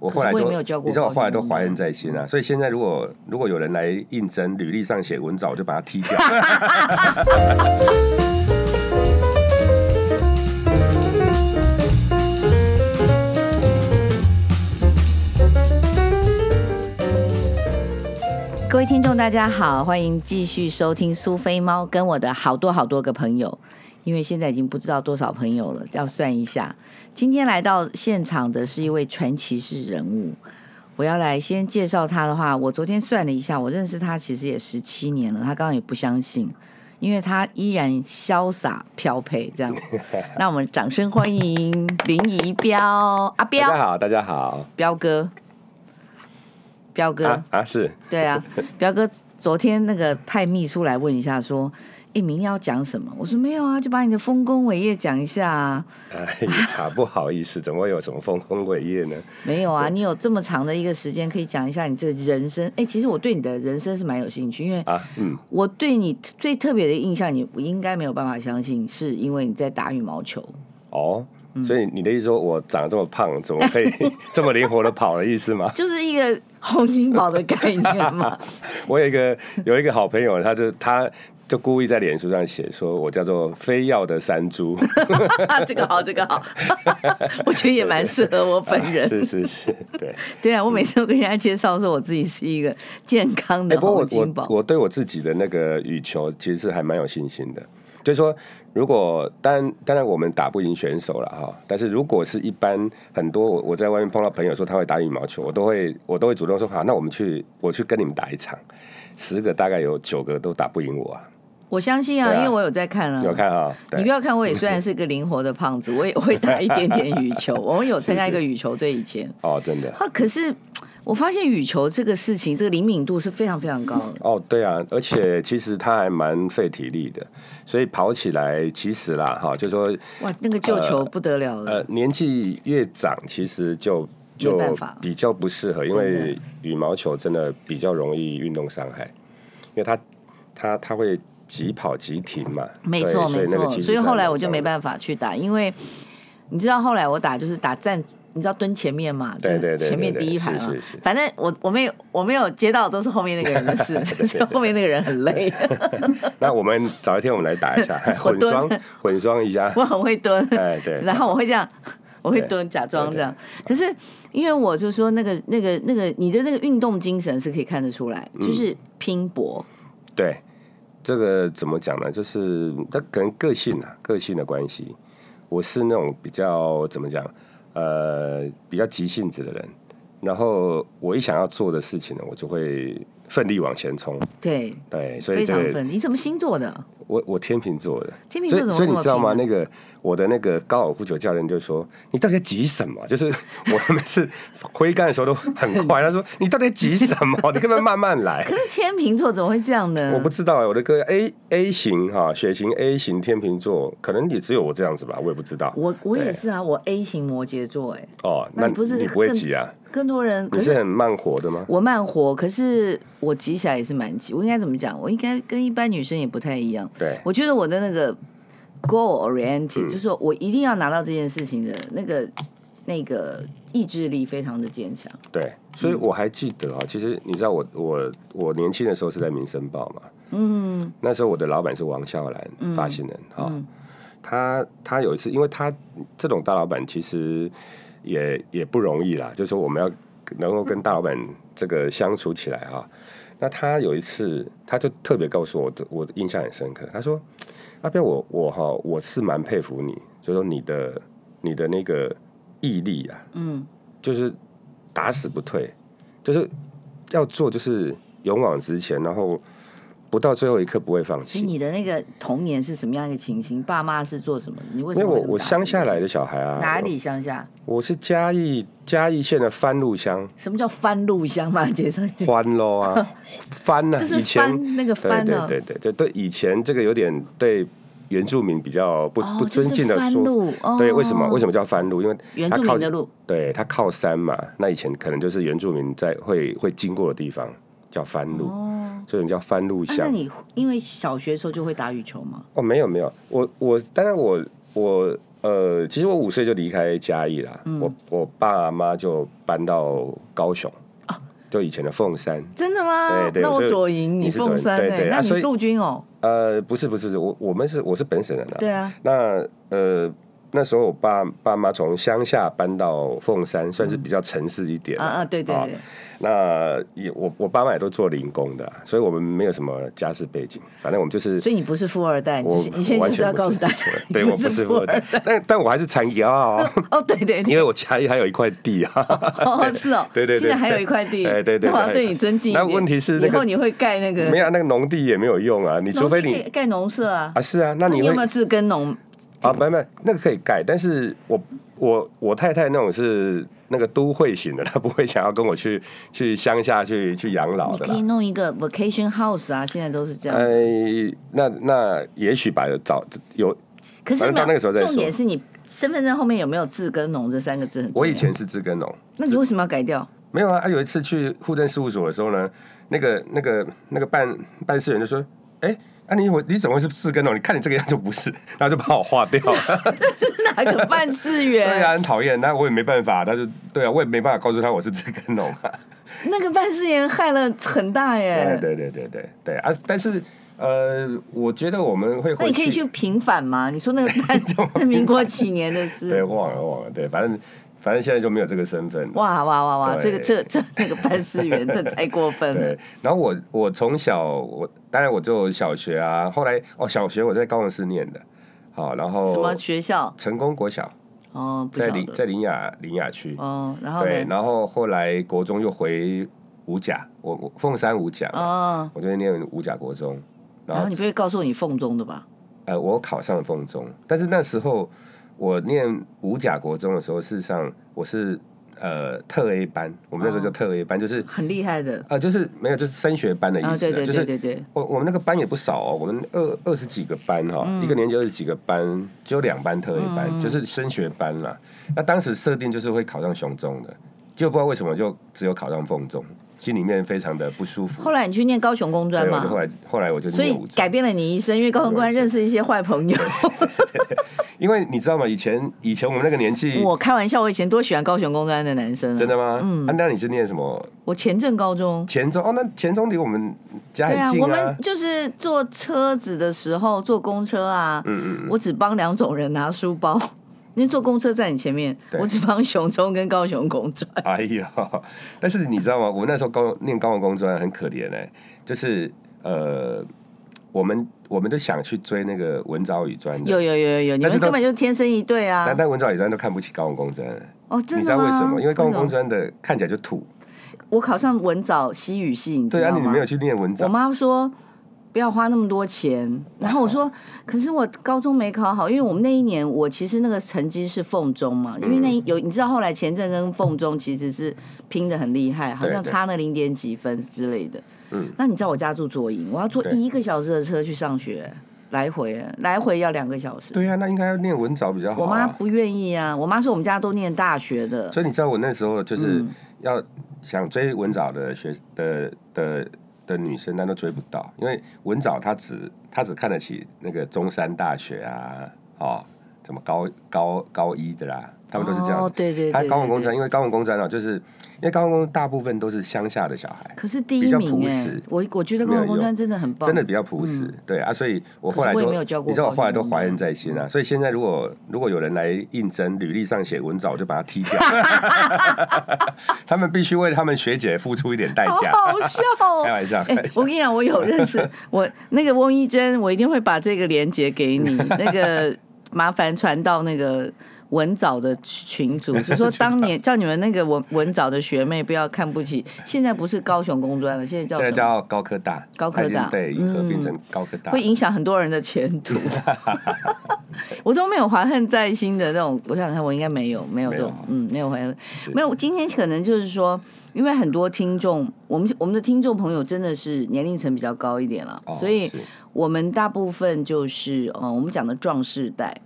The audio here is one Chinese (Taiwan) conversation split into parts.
我後來都你知道我後來都懷恨在心啊，所以現在如果，如果有人來應徵，履歷上寫文藻，我就把他踢掉 。 各位聽眾，大家好，歡迎繼續收聽蘇菲貓跟我的好多好多個朋友。因為現在已經不知道多少朋友了，要算一下。今天來到現場的是一位傳奇式人物，我要來先介紹他的話。我昨天算了一下，我認識他其實也十七年了。他剛剛也不相信，因為他依然瀟灑飄派這樣。 那我們掌聲歡迎林宜標 阿標。大家好，大家好，標哥，標哥啊，啊是，對啊，標哥昨天那個派秘書來問一下說。哎，明天要講什麼？我說沒有啊，就把你的豐功偉業講一下啊。哎呀， 不好意思，怎麼會有什麼豐功偉業呢？沒有啊，你有這麼長的一個時間可以講一下你這個人生。哎，其實我對你的人生是蠻有興趣，因為啊，嗯，我對你最特別的印象，你應該沒有辦法相信，是因為你在打羽毛球。哦，所以你的意思說我長這麼胖，怎麼可以這麼靈活的跑的意思嗎？ 就是一個洪金寶的概念嘛。 我有一個有一個好朋友，他就他。就故意在臉書上寫說，我叫做非要的山豬。 這個好，這個好， 我覺得也蠻適合我本人。 是是是，對 對啊，我每次都跟人家介紹說我自己是一個健康的黃金寶。欸、不過我。我對我自己的那個羽球，其實是還蠻有信心的。就是說，如果當然當然我們打不贏選手了哈，但是如果是一般很多我我在外面碰到朋友說他會打羽毛球，我都會我都會主動說好，那我們去我去跟你們打一場，十個大概有九個都打不贏我啊。我相信啊，啊，因為我有在看啊。有看啊，你不要看，我也雖然是一個靈活的胖子， 我也會打一點點羽球。 我們有參加一個羽球隊以前是是。哦，真的。啊、可是我發現羽球這個事情，這個靈敏度是非常非常高的，嗯。哦，對啊，而且其實它還蠻費體力的，所以跑起來其實啦，哈，就說哇，那個救球不得了了。呃，呃年紀越長，其實就就比較不適合，因為羽毛球真的比較容易運動傷害，因為它它它會。急跑急停嘛，沒錯沒錯所，所以後來我就沒辦法去打，因為你知道後來我打就是打站，你知道蹲前面嘛，對、就、對、是、前面第一排嘛、啊，反正我我沒有我沒有接到都是後面那個人的事，就 後面那個人很累。對對 那我們找一天我們來打一下 混雙，混雙一下， 我很會蹲、哎，對，然後我會這樣，我會蹲假裝這樣對對對，可是因為我就說那個那個那個你的那個運動精神是可以看得出來，嗯、就是拼搏，對。這個怎麼講呢？就是它跟個性啊、個性的關係。我是那種比較怎麼講，呃，比較急性子的人。然後我一想要做的事情呢，我就會。奮力往前衝，對對，對，所以非常奮。你什麼星座的？我我天秤座的。天秤座怎麼，所，所以你知道嗎？那個我的那個高爾夫球教練就說：“你到底急什麼？” 就是我每次揮桿的時候都很快。 他說：“你到底急什麼？ 你幹嘛慢慢來？”可是天秤座怎麼會這樣呢？我不知道啊、欸，我的哥，A A 型哈，血型 A 型天秤座，可能也只有我這樣子吧，我也不知道。我我也是啊，我 A 型摩羯座、欸，哎哦，那你不是你不會急啊？更多人可是,是很慢活的嗎？我慢活，可是我急起來也是蠻急。我應該怎麼講？我應該跟一般女生也不太一樣。對，我覺得我的那個 goal oriented，、嗯、就是說我一定要拿到這件事情的那個那個意志力非常的堅強。對，所以我還記得啊、哦嗯，其實你知道我，我我我年輕的時候是在《民生報》嘛，嗯那時候我的老板是王效蘭、嗯、發行人啊、哦嗯，他他有一次，因為他這種大老板其實。也也不容易啦，就是說我們要能夠跟大老闆這個相處起來哈。那他有一次，他就特別告訴我，我，我印象很深刻。他說：“阿彪，我我哈，我是蠻佩服你，就是說你的你的那個毅力啊，嗯，就是打死不退，就是要做就是勇往直前，然後。”不到最後一刻不會放棄。所以你的那個童年是什麼樣一個情形？爸媽是做什麼？你為什麼，麼？因為我我鄉下來的小孩啊，哪裡鄉下？我是嘉義嘉義縣的番路鄉。什麼叫番路鄉嘛？傑生？番嘍啊，番 呢、啊？就是番那個番啊，對對對對，就對以前這個有點對原住民比較不、哦就是、不尊敬的說。哦、對，為什麼為什麼叫番路？因為靠原住民的路，對，它靠山嘛。那以前可能就是原住民在會會經過的地方，叫番路。哦這種叫翻錄像。那你因為小學的時候就會打羽球嗎？哦，沒有沒有，我我，當然我我，呃，其實我五歲就離開嘉義了、嗯，我我爸媽就搬到高雄，啊、就以前的鳳山。真的嗎？對對、對，那我左營，你鳳山、欸，對、對、對，那你陸軍哦、喔啊。呃，不是不是，我我們是我是本省人的、啊、對啊。那呃。那時候我爸爸媽從鄉下搬到鳳山，嗯，算是比較城市一點。啊啊，對對對。啊、那也我我爸媽也都做零工的，啊，所以我們沒有什麼家世背景。反正我們就是，所以你不是富二代，我完全，就是，要告訴大家對，對，我不是富二代，但但我還是產業啊哦。哦，對，對對，因為我家裡還有一塊地啊。哦，對對對 哦是哦，對對，對對，現在還有一塊地，哎、對，對對對，我要對你尊敬你。那問題是，那個，以後你會蓋那個？沒有那個農地也沒有用啊，你除非你農蓋農舍啊。啊，是啊那你，那你有沒有自耕農？啊，沒沒，那個可以改，但是我我我太太那種是那個都會型的，她不會想要跟我去去鄉下去去養老的。你可以弄一個 vacation house 啊，現在都是這樣。哎，那那也許把早有，可是到那個時候再說。重點是你身份證後面有沒有“自耕農”這三個字，很重要？我以前是“自耕農”，那你為什麼要改掉？沒有啊，啊，有一次去戶政事務所的時候呢，那個那個那個辦辦事員就說：“哎、欸。”那、啊、你你怎麼會是自耕農？你看你這個樣就不是，然後就把我劃掉了。了 是哪個辦事員？對啊，很討厭。那我也沒辦法，那就對啊，我也沒辦法告訴他我是自耕農、啊。那個辦事員害了很大耶。啊、對對對對對啊！但是呃，我覺得我們會那你可以去平反嗎？你說那個辦總 平 民國幾年的事？對，忘了忘了。對，反正。反正現在就沒有這個身份。哇哇哇哇，這個這這個、那個辦事員 真的太過分了。然後我我從小我當然我就小學啊，後來哦小學我在高雄市念的，好、哦、然後什麼學校？成功國小。哦。不在林在林雅林雅區。哦。然後對，然後後來國中又回五甲，我我鳳山五甲。哦。我就念五甲國中。然後,然後你不會告訴我你鳳中的吧？呃，我考上鳳中，但是那時候。我念五甲國中的時候，事實上我是呃特 A 班，我們那時候叫特 A 班，就是很厲害的啊，就是、呃就是、沒有就是升學班的意思，就、哦、是對對對，對對對。就是、我我們那個班也不少哦，我們二二十幾個班哈、哦嗯，一個年級二十幾個班，只有兩班特 A 班，嗯、就是升學班啦。那當時設定就是會考上雄中的，就不知道為什麼就只有考上鳳中。心裡面非常的不舒服。後來你去念高雄工專嗎？後來後來我就。所以改變了你一生，因為高雄工專認識一些壞朋友對對對。因為你知道嗎？以前以前我們那個年紀，我開玩笑，我以前多喜歡高雄工專的男生。真的嗎？嗯、啊。那你是念什麼？我前鎮高中。前中哦，那前中離我們家很近啊，對啊。我們就是坐車子的時候，坐公車啊。嗯嗯。我只幫兩種人拿書包。因為坐公車在你前面，我只幫雄中跟高雄公專。哎呀，但是你知道嗎？我那時候高念高雄公專很可憐哎、欸，就是呃，我們我們都想去追那個文藻語專有有有有有，你們根本就天生一對啊！但但文藻語專都看不起高雄公專。哦，真的嗎？你知道為什麼？因為高雄公專的看起來就土。我考上文藻西語系，對啊，你沒有去念文藻。我媽說。不要花那麼多錢。然後我說：“可是我高中沒考好，因為我們那一年我其實那個成績是鳳中嘛，因為那、嗯、有你知道後來前鎮跟鳳中其實是拼得很厲害，好像差那零點幾分之類的。嗯，那你知道我家住左營，我要坐一個小時的車去上學，來回來回要兩個小時。對呀、啊，那應該要念文藻比較好、啊。我媽不願意啊，我媽說我們家都念大學的。所以你知道我那時候就是要想追文藻的學的的。”跟女生，但都追不到，因為文藻他只他只看得起那個中山大學啊。哦，什麼高高高一的啦。他們都是這樣子，哦、對對對，對、啊。他高文公專，因為高文公專啊，就是因為高文公大部分都是鄉下的小孩，可是第一名哎，我我覺得高文公專真的很棒，真的比較樸實。嗯、對啊，所以我後來都，你知道我後來都懷恨在心啊，啊。所以現在如果如果有人來應徵，履歷上寫文藻，我就把他踢掉。 他們必須為他們學姐付出一點代價。好，好笑、哦，、 笑，開玩笑、欸。我跟你講，我有認識 我那個翁一珍，我一定會把這個鏈接給你。 那個麻煩傳到那個。文藻的群主就是、說：“當年叫 你們那個文文藻的學妹不要看不起，現在不是高雄工專了，現在叫什麼？現在叫高科大。高科大對，已經變成高科大，嗯，會影響很多人的前途。 我都沒有懷恨在心的那種，我想想，我應該沒有，沒有這種，嗯，沒有懷恨，沒有。今天可能就是說，因為很多聽眾，我們我們的聽眾朋友真的是年齡層比較高一點了，哦、所以我們大部分就是，嗯、哦，我們講的壯世代。”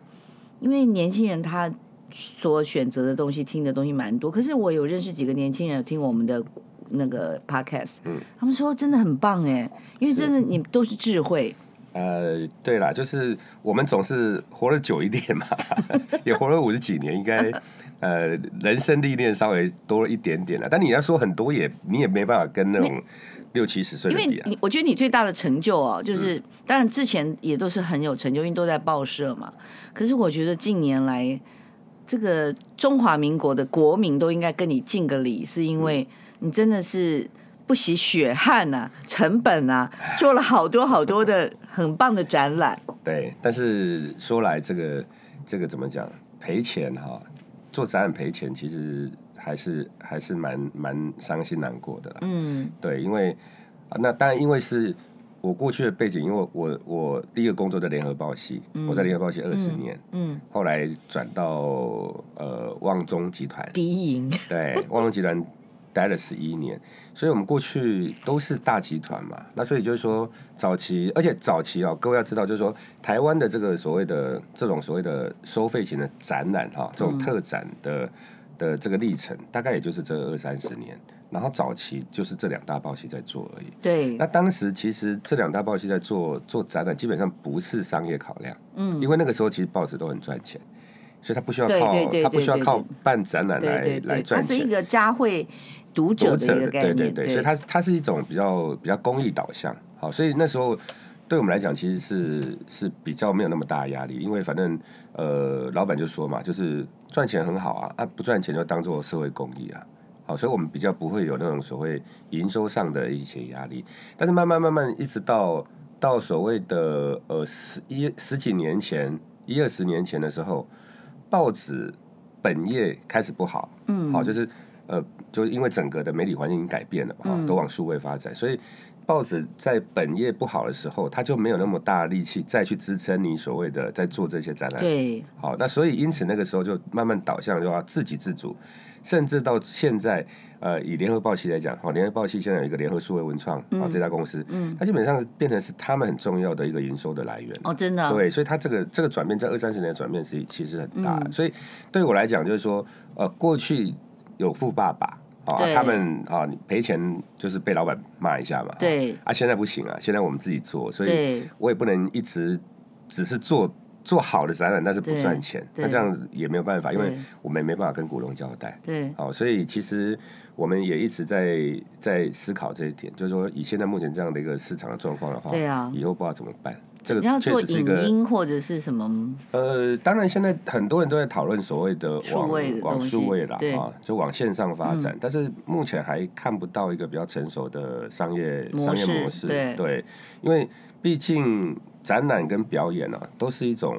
因為年輕人他所選擇的東西、聽的東西蠻多，可是我有認識幾個年輕人有聽我們的那個 podcast，他們說真的很棒哎，因為真的你都是智慧。呃，對啦，就是我們總是活了久一點嘛， 也活了五十幾年，應該呃，人生歷練稍微多了一點點啦。但你要說很多也，你也沒辦法跟那種六七十歲的比。因為因為你，我覺得你最大的成就哦，就是、嗯、當然之前也都是很有成就，因為都在報社嘛。可是我覺得近年來，這個中華民國的國民都應該跟你敬個禮，是因為你真的是。嗯不惜血汗吶、啊，成本啊，做了好多好多的很棒的展覽。對，但是說來這個這個怎麼講，賠錢哈、啊，做展覽賠錢，其實還是還是蠻蠻傷心難過的啦，嗯，對，因為那當然因為是我過去的背景，因為我我第一個工作在聯合報系、嗯，我在聯合報系二十年、嗯嗯，後來轉到呃旺中集團。第一營對旺中集團。 待了十一年，所以我們過去都是大集團嘛，那所以就是說早期，而且早期啊、哦，各位要知道，就是說台灣的這個所謂的這種所謂的收費型的展覽哈、哦，這種特展的的這個歷程、嗯，大概也就是這二三十年。然後早期就是這兩大報系在做而已。對。那當時其實這兩大報系在做做展覽，基本上不是商業考量，嗯，因為那個時候其實報紙都很賺錢，所以他不需要靠，對對對對對對對，他不需要靠辦展覽來，對對對對對，來賺錢。對對對對，他是一個佳慧。讀者，的一個概念，讀者對對對，對，所以它它是一種比較比較公益導向，好，所以那時候對我們來講，其實是是比較沒有那麼大壓力，因為反正呃，老闆就說嘛，就是賺錢很好啊，啊不賺錢就當做社會公益啊，好，所以我們比較不會有那種所謂營收上的一些壓力，但是慢慢慢慢一直到到所謂的呃十一十幾年前一二十年前的時候，報紙本業開始不好，嗯，好就是。呃，就因為整個的媒體環境已經改變了，哈，都往數位發展，嗯、所以報紙在本業不好的時候，它就沒有那麼大力氣再去支撐你所謂的在做這些展覽。對，好，那所以因此那個時候就慢慢導向就要自給自足，甚至到現在，呃，以聯合報系來講，哦，聯合報系現在有一個聯合數位文創、嗯、啊這家公司，嗯，它基本上變成是他們很重要的一個營收的來源。哦，真的，對，所以它這個這個轉變在二三十年的轉變是其實很大，嗯。所以對我來講就是說，呃，過去。有富爸爸、哦、啊，他們啊、哦、賠錢就是被老闆罵一下嘛。對、哦、啊，現在不行啊，現在我們自己做，所以我也不能一直只是做做好的展覽，但是不賺錢，那、啊、這樣也沒有辦法，因為我們也沒辦法跟股東交代。對，哦，所以其實我們也一直在在思考這一點，就是說以現在目前這樣的一個市場的狀況的話，對啊，以後不知道怎麼辦。你、這、要、個、做影音或者是什麼？呃，當然，現在很多人都在討論所謂的往、往數位啦，就往線上發展、嗯，但是目前還看不到一個比較成熟的商業商業模式對。對，因為畢竟展覽跟表演啊，都是一種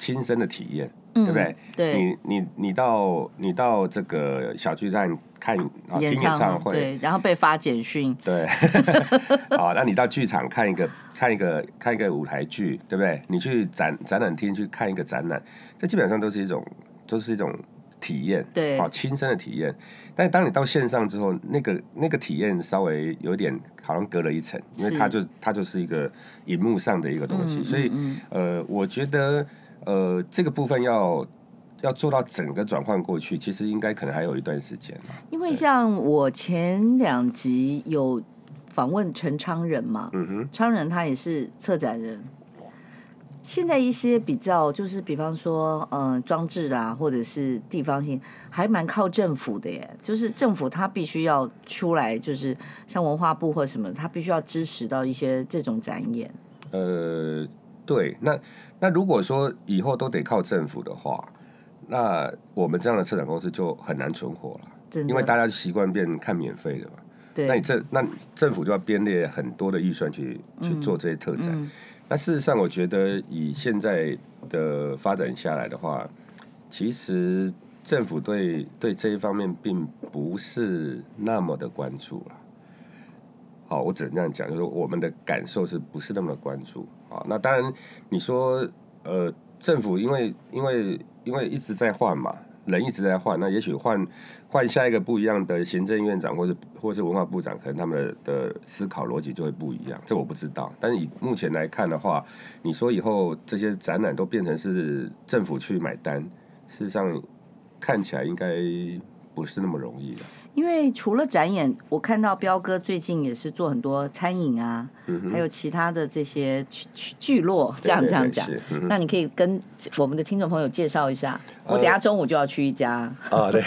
親身的體驗。嗯、對不對，對你你你到你到這個小巨蛋看演聽演唱會，對，然後被發簡訊，對。 好，那你到劇場看一個看一個看一個舞台劇，對不對？你去展展覽廳去看一個展覽，這基本上都是一種，都是一種體驗，對，好、哦、親身的體驗。但當你到線上之後，那個那個體驗稍微有點好像隔了一層，因為它就它就是一個熒幕上的一個東西，嗯、所以、嗯嗯、呃，我覺得。呃，這個部分要要做到整個轉換過去，其實應該可能還有一段時間。因為像我前兩集有訪問陳昌仁嘛，嗯哼，昌仁他也是策展人。現在一些比較就是，比方說，嗯、呃，裝置啊，或者是地方性，還蠻靠政府的耶。就是政府他必須要出來，就是像文化部或什麼，他必須要支持到一些這種展演。呃，對，那。那如果說以後都得靠政府的話，那我們這樣的策展公司就很難存活了，因為大家就習慣變看免費的嘛。對，那你政那政府就要編列很多的預算去、嗯、去做這些特展、嗯。那事實上，我覺得以現在的發展下來的話，其實政府對對這一方面並不是那麼的關注了、啊。好，我只能這樣講，就是我們的感受是不是那麼關注？啊，那當然，你說，呃，政府因為因為因為一直在換嘛，人一直在換，那也許換換下一個不一樣的行政院長，或是或是文化部長，可能他們的，的思考邏輯就會不一樣。這我不知道，但是以目前來看的話，你說以後這些展覽都變成是政府去買單，事實上看起來應該不是那麼容易的。因為除了展演，我看到標哥最近也是做很多餐飲啊，嗯、還有其他的這些聚聚聚落，這樣這樣講、嗯。那你可以跟我們的聽眾朋友介紹一下？呃、我等下中午就要去一家。啊，對，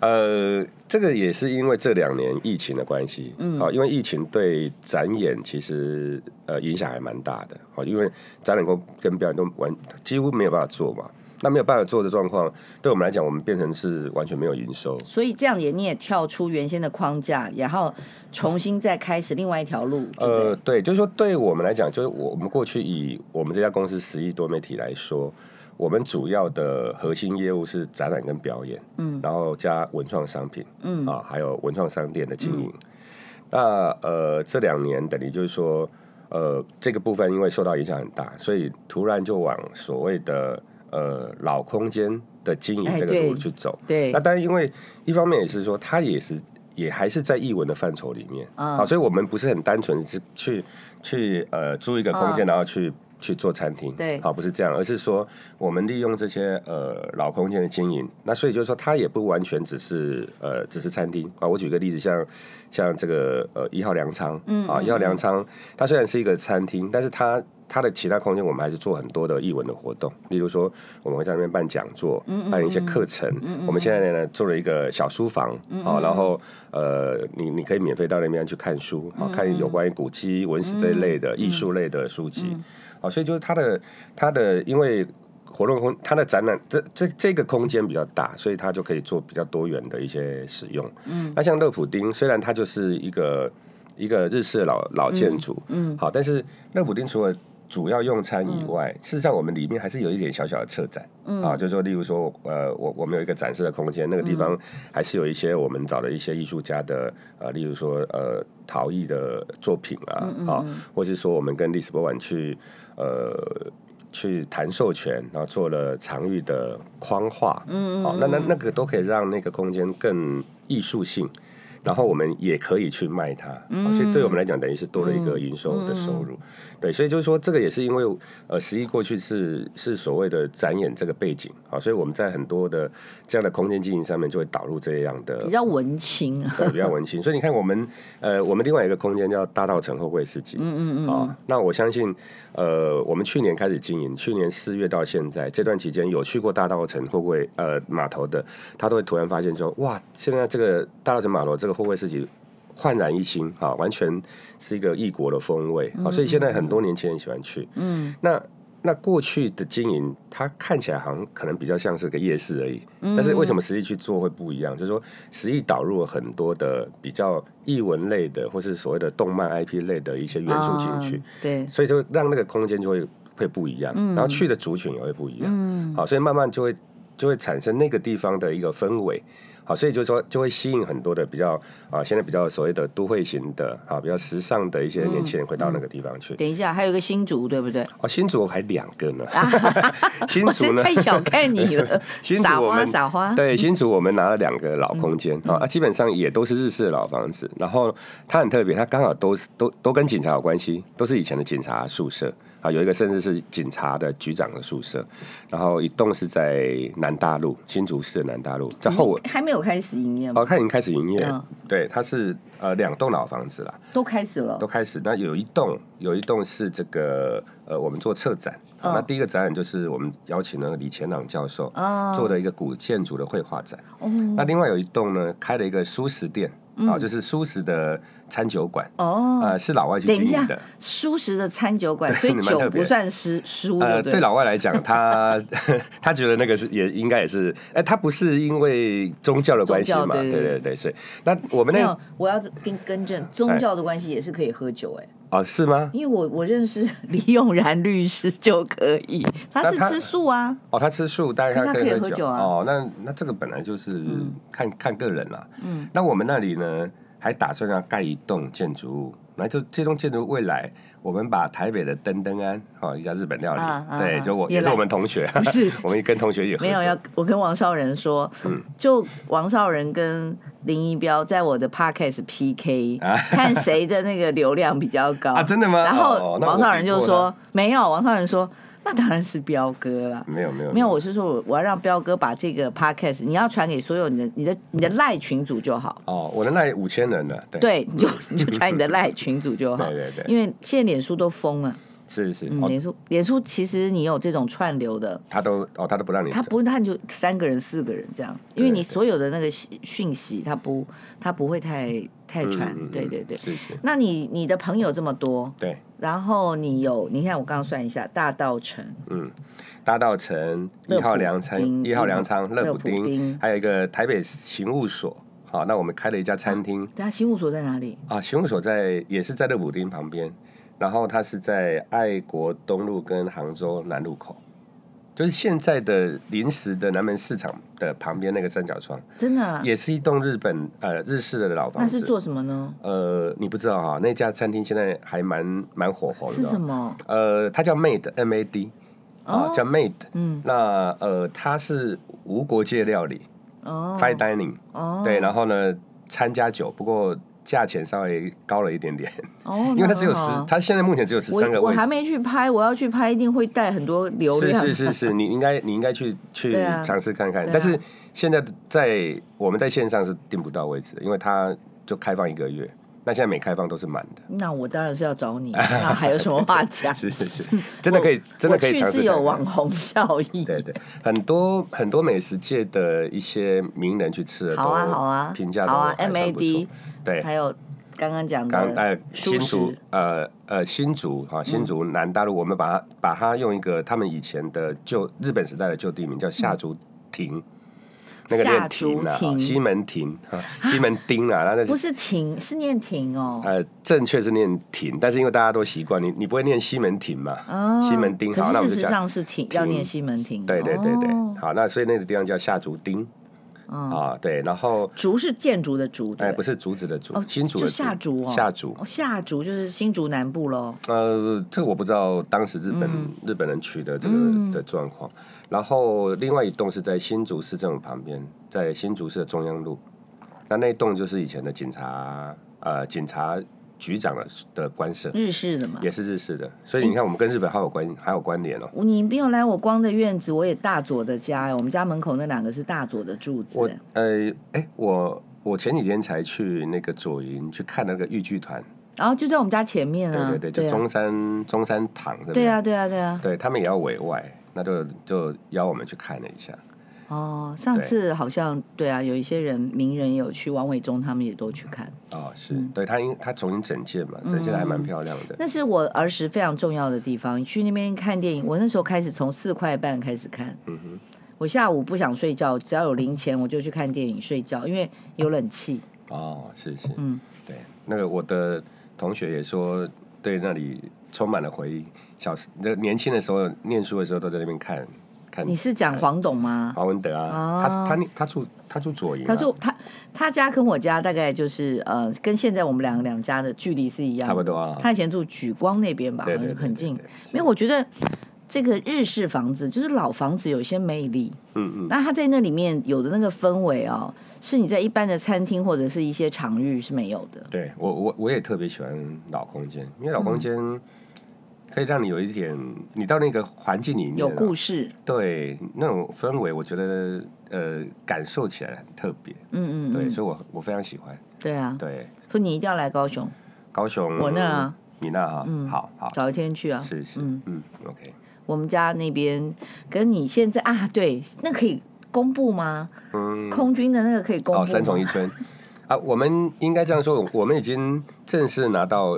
呃，這個也是因為這兩年疫情的關係，嗯、因為疫情對展演其實呃影響還蠻大的，因為展覽工跟表演都完幾乎沒有辦法做嘛。那沒有辦法做的狀況，對我們來講，我們變成是完全沒有營收。所以這樣也你也跳出原先的框架，然後重新再開始另外一條路、嗯。呃，對，就是說，對我們來講，就是我我們過去以我們這家公司時藝多媒體來說，我們主要的核心業務是展覽跟表演，嗯，然後加文創商品，嗯啊，還有文創商店的經營。嗯、那呃，這兩年等於就是說，呃，這個部分因為受到影響很大，所以突然就往所謂的。呃，老空間的經營這個路去走。哎，對，對，那當然因為一方面也是說，他也是也還是在藝文的範疇裡面啊、嗯，所以我們不是很單純是去去呃租一個空間、嗯，然後去。去做餐廳，對，好，不是這樣，而是說我們利用這些呃老空間的經營，那所以就是說它也不完全只是呃只是餐廳啊。我舉個例子，像像這個呃一號糧倉，嗯，嗯啊一號糧倉，它雖然是一個餐廳，但是它它的其他空間我們還是做很多的藝文的活動，例如說我們會在那邊辦講座嗯嗯嗯，辦一些課程。嗯，嗯我們現在呢做了一個小書房，嗯，嗯啊，然後呃你你可以免費到那邊去看書，好、啊、看有關於古蹟、文史這一類的嗯嗯藝術類的書籍。嗯嗯嗯好，所以就是他的他的，因為活動空他的展覽，這這這個空間比較大，所以他就可以做比較多元的一些使用。嗯，那像樂普丁，雖然它就是一個一個日式的老老建築，嗯，嗯，好，但是樂普丁除了主要用餐以外，嗯，事實上我們裡面還是有一點小小的策展，嗯，啊，就是說，例如說，呃，我我們有一個展示的空間，那個地方還是有一些我們找了一些藝術家的，呃，例如說，呃，陶藝的作品啊，啊，嗯嗯，或是說我們跟歷史博物館去。呃，去談授權，然後做了常玉的框畫。好，嗯嗯嗯，那那那個都可以讓那個空間更藝術性。然後我們也可以去賣它，嗯、所以對我們來講，等於是多了一個營收的收入。嗯嗯、對，所以就是說，這個也是因為呃，時藝過去是是所謂的展演這個背景啊、哦，所以我們在很多的這樣的空間經營上面就會導入這樣的比較文青，比較文青、啊。文清 所以你看，我們呃，我們另外一個空間叫大稻埕貨櫃市集，嗯嗯嗯。啊、嗯哦，那我相信，呃，我們去年開始經營，去年四月到現在這段期間，有去過大稻埕貨櫃呃碼頭的，他都會突然發現說，哇，現在這個大稻埕碼頭這個。氛圍自己煥然一新啊，完全是一個異國的風味啊、嗯，所以現在很多年輕人喜歡去。嗯，那那過去的經營，它看起來好像可能比較像是個夜市而已。嗯、但是為什麼實際去做會不一樣？就是說，實際導入了很多的比較藝文類的，或是所謂的動漫 IP 類的一些元素進去、啊。對。所以就讓那個空間就會會不一樣、嗯，然後去的族群也會不一樣。嗯。好，所以慢慢就會就會產生那個地方的一個氛圍。好，所以就說就會吸引很多的比較啊，現在比較所謂的都會型的、啊，比較時尚的一些年輕人回到那個地方去。嗯嗯、等一下，還有一個新竹，對不對？哦，新竹還兩個呢、啊，新竹呢？我太小看你了，撒花撒花。對，新竹我們拿了兩個老空間、嗯、啊，基本上也都是日式的老房子。然後它很特別，它剛好都是都都跟警察有關係，都是以前的警察的宿舍。啊，有一個甚至是警察的局長的宿舍，然後一棟是在南大路，新竹市南大路在後還沒有開始營業嗎？哦，它已經開始營業了。哦，對，它是呃兩棟老房子了，都開始了，都開始。那有一棟，有一棟是這個呃，我們做策展，哦、那第一個展覽就是我們邀請了李乾朗教授啊，哦、做的一個古建築的繪畫展。哦，那另外有一棟呢，開了一個蔬食店啊、嗯哦，就是蔬食的。餐酒館哦、oh, 呃，是老外去吃的，等一下蔬食的餐酒館，所以酒不算是舒物。呃，對老外來講，他 他覺得那個是也應該也是，哎、欸，他不是因為宗教的關係嘛？對對對，對對對，所以那我們那個，我要跟更正，宗教的關係也是可以喝酒哎、欸。哦，是嗎？因為我我認識李永然律師就可以，他是吃素啊，哦，他吃素，但是他可以喝酒啊。哦，那那這個本來就是、嗯、看看個人啦、啊。嗯，那我們那裡呢？還打算要蓋一棟建築物，那就這棟建築未來，我們把台北的登登庵，哦，一家日本料理，啊啊、對，就我也是我們同學，不是， 我們跟同學也 沒有要。我跟王少仁說，就王少仁跟林宜標在我的 podcast PK、嗯、 看誰的那個流量比較高啊？真的嗎？然後王少仁就說、哦、沒有，王少仁說。那當然是標哥了。沒有沒有沒有，我是說我要讓標哥把這個 podcast，你要傳給所有你的你的你的賴群組就好。哦，我的賴五千人的。對，就你就傳 你，你的賴群組就好。對對對。因為現在臉書都封了。是是。臉書、嗯、臉書、哦、其實你有這種串流的。他都哦，他都不讓你。他不他就三個人四個人這樣，因為你所有的那個訊息，他不他不會太太傳。對對對。嗯嗯嗯，對對對，是是。那你你的朋友這麼多。對。然後你有，你看我剛剛算一下，大稻埕，嗯，大稻埕一號糧倉，一號糧倉樂埔町，還有一個台北刑務所，好，那我們開了一家餐廳，家、啊、刑務所在哪裡？啊，刑務所在也是在樂埔町旁邊，然後它是在愛國東路跟杭州南路口。就是現在的臨時的南門市場的旁邊那個三角窗，真的、啊、也是一棟日本呃日式的老房子。那是做什麼呢？呃，你不知道啊，那家餐廳現在還蠻蠻火紅的。是什麼？呃，他叫 Made M A D，、哦、啊，叫 Made。嗯，那呃，他是無國界料理，哦，Fine Dining。哦，對，然後呢，參加酒，不過。價錢稍微高了一點點，oh, 因為它只有十、啊，它現在目前只有十三個。我我還沒去拍，我要去拍一定會帶很多流量是，是是是，是你應該你應該去去嘗試看看、啊。但是現在在我們在線上是訂不到位置，因為它就開放一個月，那現在每開放都是滿的。那我當然是要找你，那還有什麼話講？ 是是是，真的可以，真的可以嘗試看看，是有網紅效益。對對、對，很多很多美食界的一些名人去吃的，好啊好啊，評價都好、啊、MAD。對，還有剛剛講的、哎、新竹呃呃新竹哈、哦、新竹南大路、嗯，我們把它把它用一個他們以前的舊日本時代的舊地名叫下竹亭，那個念亭、啊哦、西門亭西門町。啊，廷啊那，那是不是亭是念亭哦，呃正確是念亭，但是因為大家都習慣，你你不會念西門亭嘛、啊，西門町，好，可是事實上是亭要念西門亭，對對對對，哦、好那所以那個地方叫下竹町。嗯、啊，對，然後竹是建築的竹，對，不對、哎，不是竹子的竹。哦，新竹，就下竹哦，下竹哦，下竹就是新竹南部嘍。呃，這個、我不知道當時日本、嗯、日本人取得這個的狀況、嗯。然後另外一棟是在新竹市政府旁邊，在新竹市的中央路，那那一棟就是以前的警察呃警察。局長的官設，日式的嘛，也是日式的，所以你看，我們跟日本還有關好、欸、有關聯哦、喔。你不用來我光的院子，我也大佐的家，我們家門口那兩個是大佐的柱子。我哎、呃欸，我我前幾天才去那個左營去看那個豫劇團，然、啊、後就在我們家前面啊，對對對，就中山對、啊、中山堂，對啊對啊對啊，對，啊對，啊對他們也要委外，那就就邀我們去看了一下。哦，上次好像對，對啊，有一些人名人有去，王偉忠他們也都去看。哦，是，嗯、對他因他重新整建嘛，整建還蠻漂亮的、嗯。那是我兒時非常重要的地方，去那邊看電影。我那時候開始從四塊半開始看，嗯哼。我下午不想睡覺，只要有零錢我就去看電影睡覺，因為有冷氣。哦，是是，嗯，對。那個我的同學也說對那裡充滿了回憶，小時那年輕的時候念書的時候都在那邊看。你是講黃董嗎？黃文德啊，啊他他他，他住他住左營，啊，他住他他家跟我家大概就是呃，跟現在我們兩個兩家的距離是一樣，差不多，啊。他以前住莒光那邊吧，對對對對對，好像很近。因為我覺得這個日式房子就是老房子有些魅力，嗯嗯。那他在那裡面有的那個氛圍哦，是你在一般的餐廳或者是一些場域是沒有的。對我我我也特別喜歡老空間，因為老空間。嗯可以讓你有一點，你到那個環境裡面有故事，對那種氛圍，我覺得呃，感受起來很特別。嗯嗯,嗯，對，所以我我非常喜歡。對啊，對，說你一定要來高雄，高雄我那啊，嗯、你那哈、啊，嗯，好好，早一天去啊，是是嗯,嗯 OK 我們家那邊，可是你現在啊，對，那可以公布嗎？嗯，空軍的那個可以公布、哦，三重一村 啊，我們應該這樣說，我們已經正式拿到。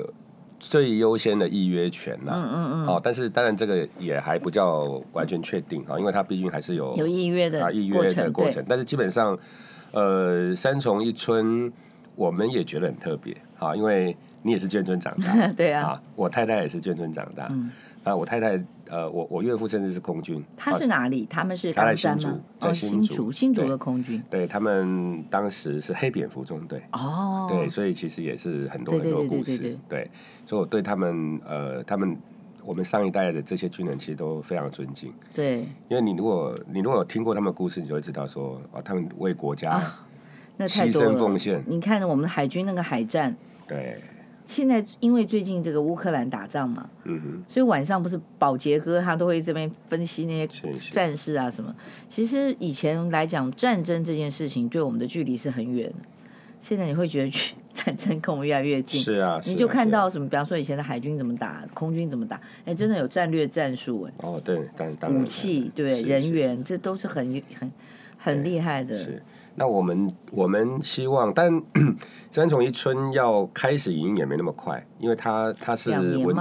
最優先的預約權啊，嗯嗯好，嗯，但是當然這個也還不叫完全確定啊，因為他畢竟還是有有預約的預約的過程，啊，預約的過程，但是基本上，呃，三重一村我們也覺得很特別啊，因為你也是眷村長大， 對啊，我太太也是眷村長大，嗯啊，我太太，呃，我我岳父甚至是空軍。他是哪裡？他們是台山嗎新竹新竹？哦，新竹，新竹的空軍。對,對他們當時是黑蝙蝠中隊。哦。對，所以其實也是很多很多故事。對,對,對,對,對,對,對。所以我對他們，呃，他們我們上一代的這些軍人，其實都非常尊敬。對。因為你如果你如果有聽過他們的故事，你就會知道說，啊，他們為國家犧牲、哦、奉獻。你看我們海軍那個海戰。對。現在因為最近這個烏克蘭打仗嘛、嗯哼，所以晚上不是保潔哥他都會這邊分析那些戰事啊什麼是是。其實以前來講戰爭這件事情對我們的距離是很遠的，現在你會覺得戰爭跟我們越來越近。是啊，是啊，你就看到什麼，比方說以前的海軍怎麼打，空軍怎麼打，哎，真的有戰略戰術哎。哦，對，武器對人員是是是，這都是很很很厲害的。那我們我們希望，但三重一村要開始營也沒那麼快，因為它，它，它是文，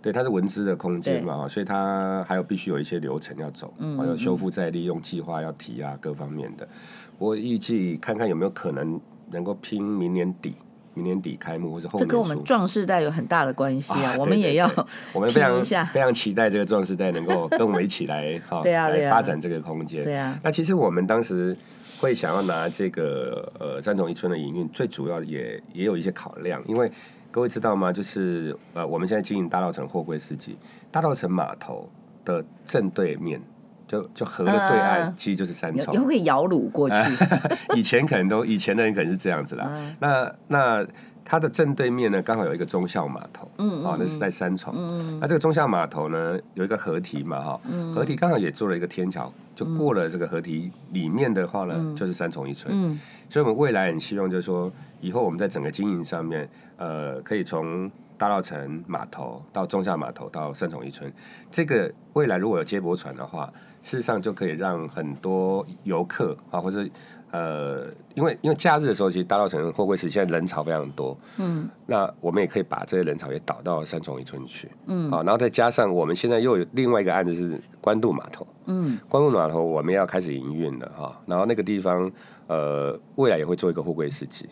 對它是文資的空間嘛，所以它還有必須有一些流程要走，還、嗯、有修復再利用計劃、嗯、要提啊，各方面的。我預計看看有沒有可能能夠拼明年底，明年底開幕，或者這跟我們壯世代有很大的關係啊，啊。我們也要對對對，我們非常非常期待這個壯世代能夠跟我們一起來，哈、 啊啊、來發展這個空間。對啊，那其實我們當時。會想要拿這個呃三重一村的營運，最主要也也有一些考量，因為各位知道嗎？就是呃我們現在經營大稻埕貨櫃司機，大稻埕碼頭的正對面，就就河的對岸、嗯啊，其實就是三重，你可以搖櫓過去、啊。以前可能都，以前的人可能是這樣子啦。那、嗯啊、那。那它的正對面呢，剛好有一個忠孝碼頭，嗯，啊、嗯哦，那是在三重，嗯，那這個忠孝碼頭呢，有一個河堤嘛，哈、哦嗯，河堤剛好也做了一個天橋，就過了這個河堤裡面的話呢、嗯，就是三重一村，嗯，所以我們未來很希望就是說，以後我們在整個經營上面，呃，可以從大稻埕碼頭到忠孝碼頭到三重一村，這個未來如果有接駁船的話，事實上就可以讓很多遊客啊、哦、或者。呃，因為因為假日的時候，其實大稻埕貨櫃市現在人潮非常多，嗯，那我們也可以把這些人潮也導到三重一村去，嗯，好、哦，然後再加上我們現在又有另外一個案子是關渡碼頭，嗯，關渡碼頭我們要開始營運了哈、哦，然後那個地方，呃，未來也會做一個貨櫃市集。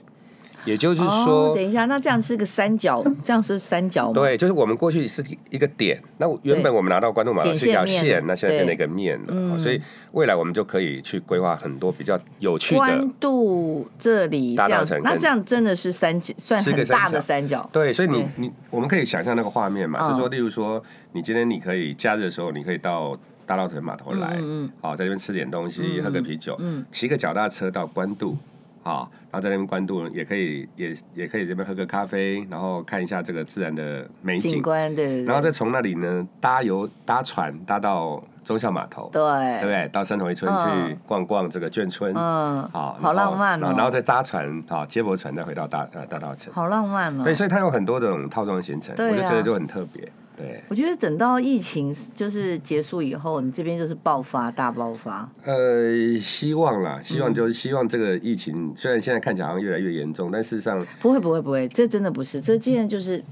也就是說、哦，等一下，那這樣是一個三角，這樣是三角嗎？對，就是我們過去是一個點，那原本我們拿到關渡碼頭是一條線，線，那現在變成一個面了、嗯。所以未來我們就可以去規劃很多比較有趣的關渡這裡大稻埕，那這樣真的是三角，算是個大的三角。對，所以你你我們可以想象那個畫面嘛，就說例如說，你今天你可以假日的時候，你可以到大稻埕碼頭來，嗯好、嗯嗯，在這邊吃點東西、嗯，喝個啤酒，嗯，騎、嗯、個腳踏車到關渡，好、嗯。哦然後在那邊關渡，也可以也也可以這邊喝個咖啡，然後看一下這個自然的美景、景觀。對對對，然後再從那裡呢搭遊搭船搭到忠孝碼頭，對，對不對？到三重一村去逛逛這個眷村，嗯，好，好浪漫哦。然後再搭船啊，接駁船再回到大呃大稻埕，好浪漫哦。對，所以它有很多這種套裝行程，對啊、我就覺得就很特別。對，我覺得等到疫情就是結束以後，你這邊就是爆發大爆發。呃，希望啦、啊，希望就是希望這個疫情、嗯、雖然現在看起來好像越來越嚴重，但事實上不會不會不會，這真的不是，這既然就是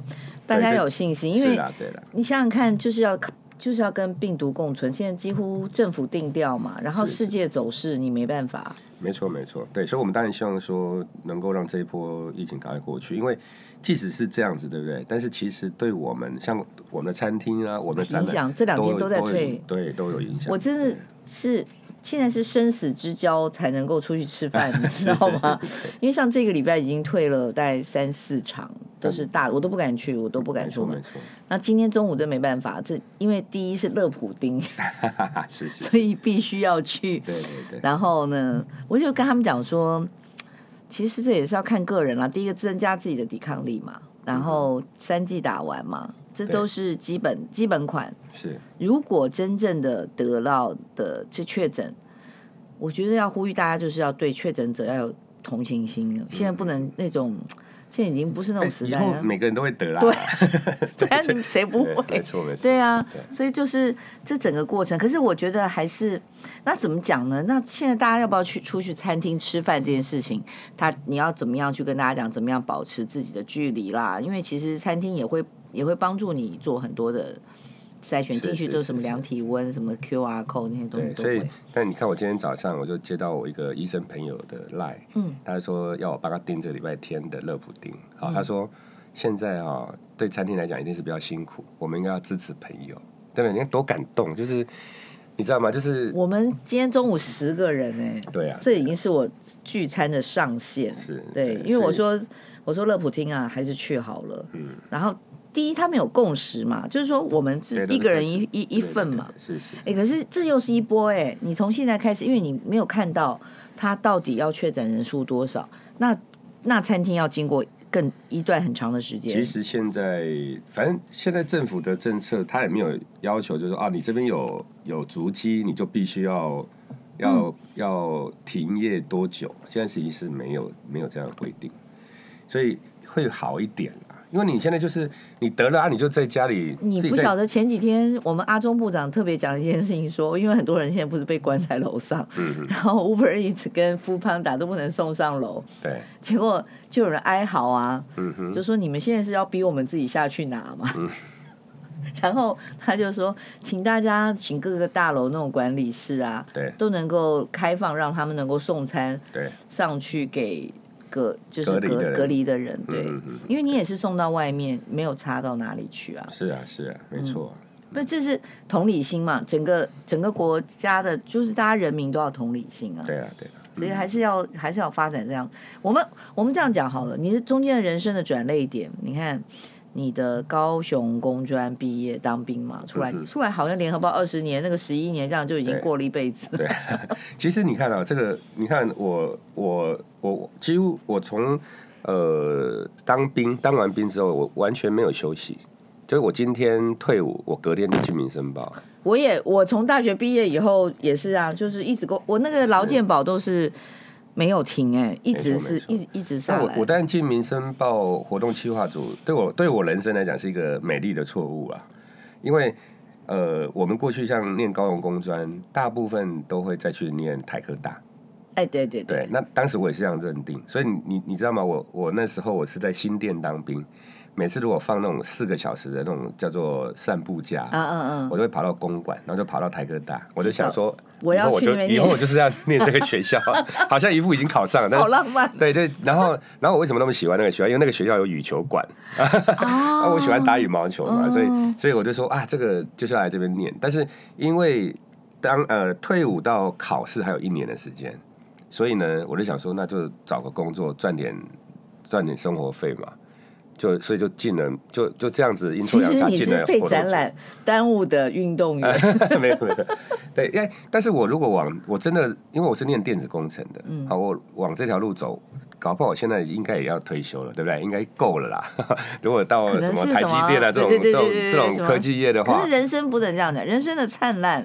大家有信心，對，因為對啦，你想想看，就是要就是要跟病毒共存，現在幾乎政府定調嘛，然後世界走勢你沒辦法。沒錯沒錯，對，所以我們當然希望說能夠讓這一波疫情趕快過去，因為。即使是這樣子，對不對？但是其實對我們，像我們的餐廳啊，我們的影響，這兩天都在退都，對，都有影響。我真的是現在是生死之交才能夠出去吃飯， 你知道嗎？ 因為像這個禮拜已經退了大概三四場，都是大的，嗯，我都不敢去，我都不敢出門。那今天中午真沒辦法，這因為第一是樂普丁， 是是，所以必須要去。對，對對對。然後呢，我就跟他們講說。其實這也是要看個人啦，第一個，增加自己的抵抗力嘛，然後三劑打完嘛，這都是基本基本款。是，如果真正的得到的這確診，我覺得要呼籲大家就是要對確診者要有同情心。現在不能那種。這已經不是那種時代了。每個人都會得啦、啊。 對啊，誰不會？沒錯沒錯。對啊對，所以就是這整個過程。可是我覺得還是那怎麼講呢？那現在大家要不要去出去餐廳吃飯這件事情？他你要怎麼樣去跟大家講？怎麼樣保持自己的距離啦？因為其實餐廳也會也會幫助你做很多的。篩選進去都是，是，是，是什麼量體溫、什麼 QR code 那些東西。對，所以，但你看，我今天早上我就接到我一個醫生朋友的 Line，嗯，他就說要我幫他訂這禮拜天的樂普汀。哦、嗯，他說現在啊，對餐廳來講一定是比較辛苦，我們應該要支持朋友，對不對？你看多感動，就是你知道嗎？就是我們今天中午十個人哎、欸啊，對啊，這已經是我聚餐的上限。是，對，對，因為我說我說樂普汀啊，還是去好了。嗯，然後。第一，他們有共識嘛，就是說我們是一個人一一一份嘛。是是。欸，可是這又是一波欸！你從現在開始，因為你沒有看到他到底要確診人數多少，那那餐廳要經過更一段很長的時間。其實現在，反正現在政府的政策，他也沒有要求，就是說啊，你這邊有有足跡，你就必須要要、嗯、要停業多久？現在實際是沒有沒有這樣的規定，所以會好一點。因為你現在就是你得了啊，你就在家裡。你不曉得前幾天我們阿中部長特別講一件事情，說因為很多人現在不是被關在樓上，然後 Uber 一直跟富胖打都不能送上樓，對，結果就有人哀嚎啊，就說你們現在是要逼我們自己下去拿嘛，然後他就說，請大家請各個大樓那種管理室啊，對，都能夠開放，讓他們能夠送餐對上去給。隔就是隔隔離的的人，對、嗯嗯，因為你也是送到外面，沒有差到哪裡去啊。是啊，是啊，沒錯。那、嗯、這是同理心嘛？整個整個國家的，就是大家人民都要同理心啊。對啊，對啊。所以還是要、嗯、還是要發展這樣。我們我們這樣講好了、嗯，你是中間的人生的轉捩點。你看，你的高雄工專畢業當兵嘛，出來、嗯、出來，好像聯合報二十年、嗯、那個十一年這樣就已經過了一輩子。對， 對，其實你看到、喔、這個，你看我我。我幾乎我從呃當兵當完兵之後，我完全沒有休息。就是我今天退伍，我隔天就進民生報。我也我從大學畢業以後也是啊，就是一直工我那個勞健保都是沒有停哎、欸，一直是一一直上。我我當進民生報活動企劃組，對我對我人生來講是一個美麗的錯誤啊，因為呃我們過去像念高雄工專，大部分都會再去念台科大。哎、欸，對對對，對，那當時我也是這樣認定，所以你你知道嗎？我我那時候我是在新店當兵，每次如果放那種四個小時的那種叫做散步假、嗯嗯嗯，我就會跑到公館，然後就跑到台科大，我就想說，我要去那邊念，以後我就，以後我就是要念這個學校， 好像一副已經考上了，但，好浪漫，對對，然後然後我為什麼那麼喜歡那個學校？因為那個學校有羽球館，啊，oh, 我喜歡打羽毛球嘛，所以所以我就說啊，這個就是要來這邊念，但是因為當呃退伍到考試還有一年的時間。所以呢，我就想說，那就找個工作，賺點賺點生活費嘛。就所以就進了，就就這樣子陰錯陽差進了。其實你是被展覽耽誤的運動員。沒有沒有。 對，哎，但是我如果往，我真的，因為我是念電子工程的，嗯，好，我往這條路走，搞不好現在應該也要退休了，對不對？應該夠了啦。 如果到什麼台積電啊這種這種科技業的話，是人生不能這樣講，人生的燦爛。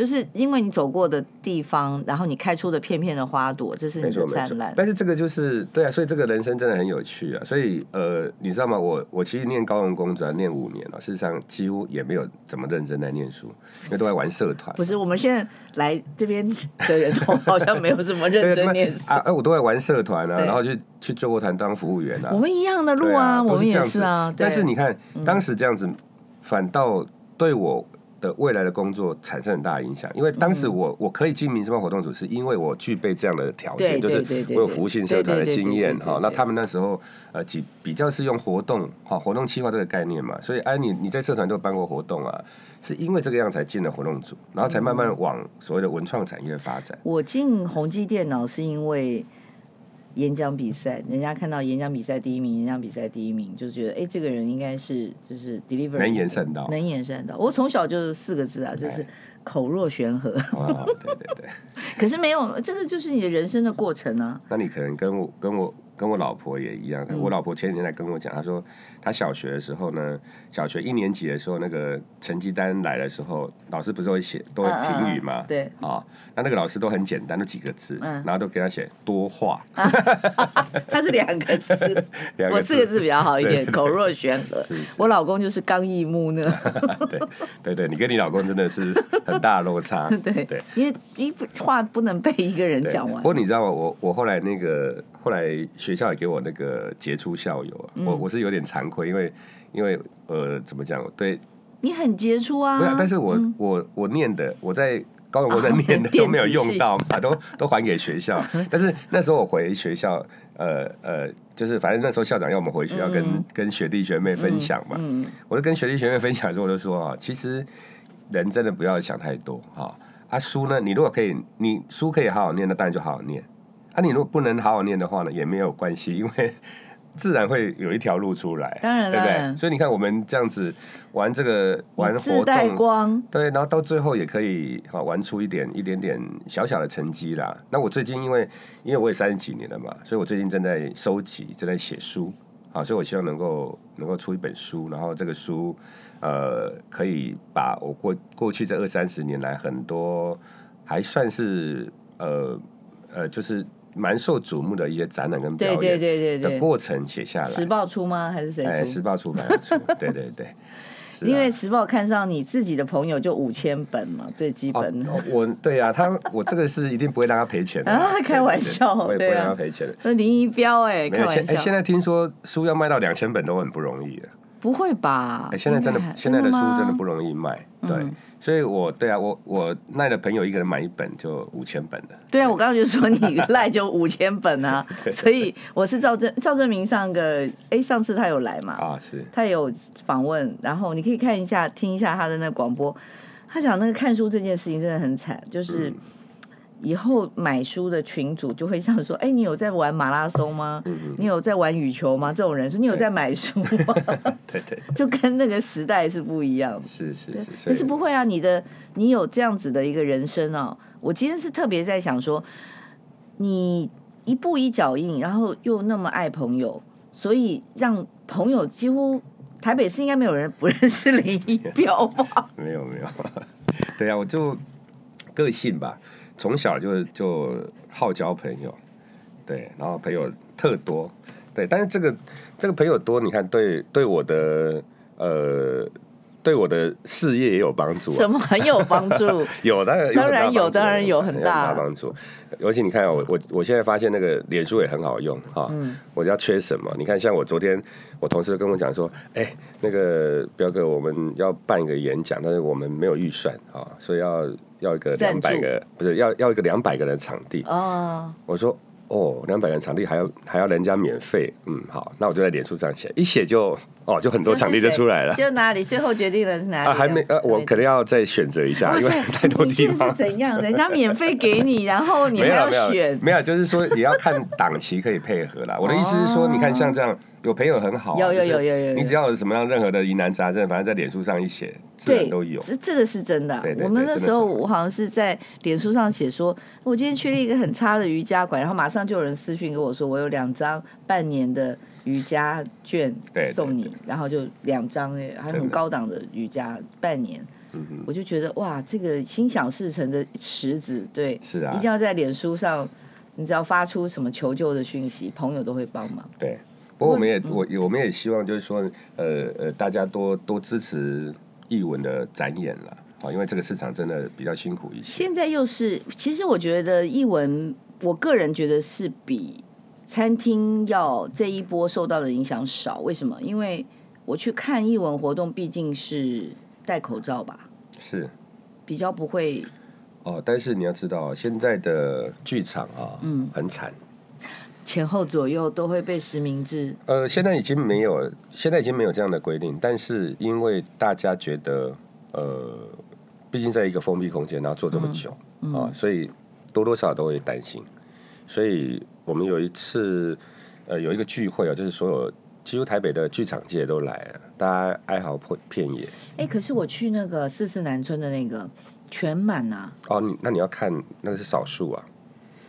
就是因為你走過的地方，然後你開出的片片的花朵，這是一種燦爛。但是這個就是對啊，所以這個人生真的很有趣啊。所以呃，你知道嗎？我我其實念高雄工專念五年了、啊，事實上幾乎也沒有怎麼認真在念書，因為都在玩社團、啊。不是，我們現在來這邊的人好像沒有什麼認真念書 啊。哎，我都在玩社團啊，然後去去救國團當服務員啊。我們一樣的路啊，啊我們也是啊對。但是你看，當時這樣子反倒對我。的未來的工作產生很大的影響，因為當時我我可以進民生活動組，嗯，是因為我具備這樣的條件，對，就是我有服務性社團的經驗哈。那他們那時候呃，比較是用活動哈，活動企劃這個概念嘛，所以安你、哎、你在社團都有辦過活動啊，是因為這個樣才進了活動組，然後才慢慢往所謂的文創產業發展。嗯，我進宏碁電腦是因為。演講比賽，人家看到演講比賽第一名，演講比賽第一名，就覺得哎，這個人應該是就是 deliver 能言善道，能言善道。我從小就四個字啊，就是口若懸河。 對對對。可是沒有，這個就是你的人生的過程啊。那你可能跟我跟我跟我老婆也一樣，我老婆前幾天來跟我講，嗯、她說。他小學的時候呢，小學一年級的時候，那個成績單來的時候，老師不是會寫都會評語嘛、嗯嗯？對。啊、哦，那那個老師都很簡單，的幾個字、嗯，然後都給他寫多話。啊啊、他是兩個字， 兩個字，我四個字對對對，我四個字比較好一點，對對對，口若懸河。我老公就是剛毅木訥。 對對對，你跟你老公真的是很大的落差。 對對，因為一話不能被一個人講完。不過你知道嗎？我我後來那個後來學校也給我那個傑出校友啊，我、嗯、我是有點慚。因為因為呃，怎麼講？對你很傑出啊！不是啊，但是我、嗯、我我念的，我在高中我在念的、哦、都沒有用到啊，都都還給學校。 但是那時候我回學校，呃呃，就是反正那時候校長要我們回學校跟、嗯、跟學弟學妹分享嘛、嗯嗯。我就跟學弟學妹分享的時候，我就說啊，其實人真的不要想太多啊，書呢，你如果可以，你書可以好好念的，那當然就好好念。啊，你如果不能好好念的話呢，也沒有關係，因為。自然會有一條路出來，當然，對不對？所以你看，我們這樣子玩這個玩活動光，對，然後到最後也可以好、啊、玩出一點一點點小小的成績啦。那我最近因為因為我也三十幾年了嘛，所以我最近正在收集，正在寫書啊，所以我希望能夠能夠出一本書，然後這個書呃可以把我過過去這二三十年來很多還算是呃呃就是。蠻受矚目的一些展覽跟表演的對對對過程寫下來，時報出嗎？還是誰？哎，時報出版出。 對對對是、啊，因為時報看上你自己的朋友就五千本嘛，最基本、哦哦、我，對呀、啊，他我這個是一定不會讓他賠錢的啊， 啊，開玩笑，對啊，我也不會讓他賠錢的。啊、那林宜標、欸，哎，開玩笑。哎，現在聽說書要賣到兩千本都很不容易了、啊。不會吧？現在真的，真的，現在的書真的不容易賣，對。嗯所以我，我對啊，我我賴的朋友一個人買一本就五千本的。對啊，我剛剛就說你賴就五千本啊， 所以我是趙正趙正明上個哎上次他有來嘛啊，是他有訪問，然後你可以看一下聽一下他的那個廣播，他講那個看書這件事情真的很慘，就是。嗯以後買書的群主就會想說：“哎，你有在玩馬拉松嗎、嗯？你有在玩羽球嗎？”這種人說：“你有在買書嗎？”對對，對，就跟那個時代是不一樣。是是是，可是不會啊！你的你有這樣子的一個人生哦。我今天是特別在想說，你一步一腳印，然後又那麼愛朋友，所以讓朋友幾乎台北市應該沒有人不認識林宜標吧？沒有沒有，對啊，我就個性吧。從小就就好交朋友，對，然後朋友特多，對，但是這個這個朋友多，你看對對，我的呃對我的事業也有幫助。啊，什麼很有幫助？ 有，當然當然有，當然有很大幫助。尤其你看，我我我現在發現那個臉書也很好用啊。哦。嗯。我家缺什麼？你看，像我昨天，我同事跟我講說，哎，欸，那個標哥，我們要辦一個演講，但是我們沒有預算啊。哦，所以要。要一個兩百個，不是要要一個兩百個人場地。哦，我說哦，兩百個人場地還要還要人家免費，嗯，好，那我就在臉書上寫，一寫就哦，就很多場地就出來了，就哪裡最後決定了是哪裡？啊，還沒，呃、啊，我可能要再選擇一下，因為太多地方。你是怎樣？人家免費給你，然後你還要選？沒有，沒有，沒有，就是說也要看檔期可以配合啦。 我的意思是說，你看像這樣。有朋友很好，啊，有有有有有，有。你知道什麼樣任何的疑難雜症，有有有有有，反正在臉書上一寫，對，都有。這這個是真的，啊，對對對。我們那時候我對對對，我好像是在臉書上寫說，我今天去了一個很差的瑜伽館，然後馬上就有人私訊跟我說，我有兩張半年的瑜伽券送你，對對對，然後就兩張哎，還很高檔的瑜伽對對對，半年，對對對。我就覺得哇，這個心想事成的池子，對，是啊，一定要在臉書上，你只要發出什麼求救的訊息，朋友都會幫忙。對。不過我們也、嗯、我我們也希望就是說，呃呃，大家多多支持藝文的展演了啊，因為這個市場真的比較辛苦一些。現在又是，其實我覺得藝文，我個人覺得是比餐廳要這一波受到的影響少。為什麼？因為我去看藝文活動，畢竟是戴口罩吧，是比較不會。哦，但是你要知道，現在的劇場啊，嗯，很慘。前後左右都會被實名制。呃，現在已經沒有，現在已經沒有這樣的規定。但是因為大家覺得，呃，畢竟在一個封閉空間，然後坐這麼久啊、嗯嗯哦，所以多多少少都會擔心。所以我們有一次，呃，有一個聚會啊，就是所有幾乎台北的劇場界都來了，大家哀嚎破遍野。哎、欸，可是我去那個四四南村的那個全滿啊。哦你，那你要看，那個、是少數啊。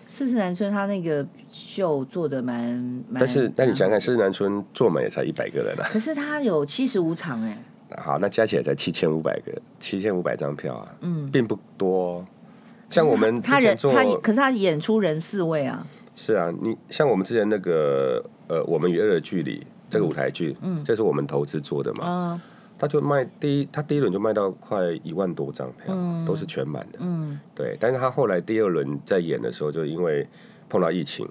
四四南村他那個。秀做的蠻,蠻，但是那你想,想看《世南村》坐滿也才一百個人啊。可是他有七十五場哎、欸。好，那加起來才七千五百個，七千五百張票啊。嗯，並不多。像我們他人他，可是他演出人四位啊。是啊，你像我們之前那個呃，我們與惡的距離、嗯、這個舞台劇，嗯，這是我們投資做的嘛。嗯。他就賣第一，他第一輪就賣到快一萬多張票、嗯，都是全滿的。嗯。對，但是他後來第二輪在演的時候，就因為碰到疫情。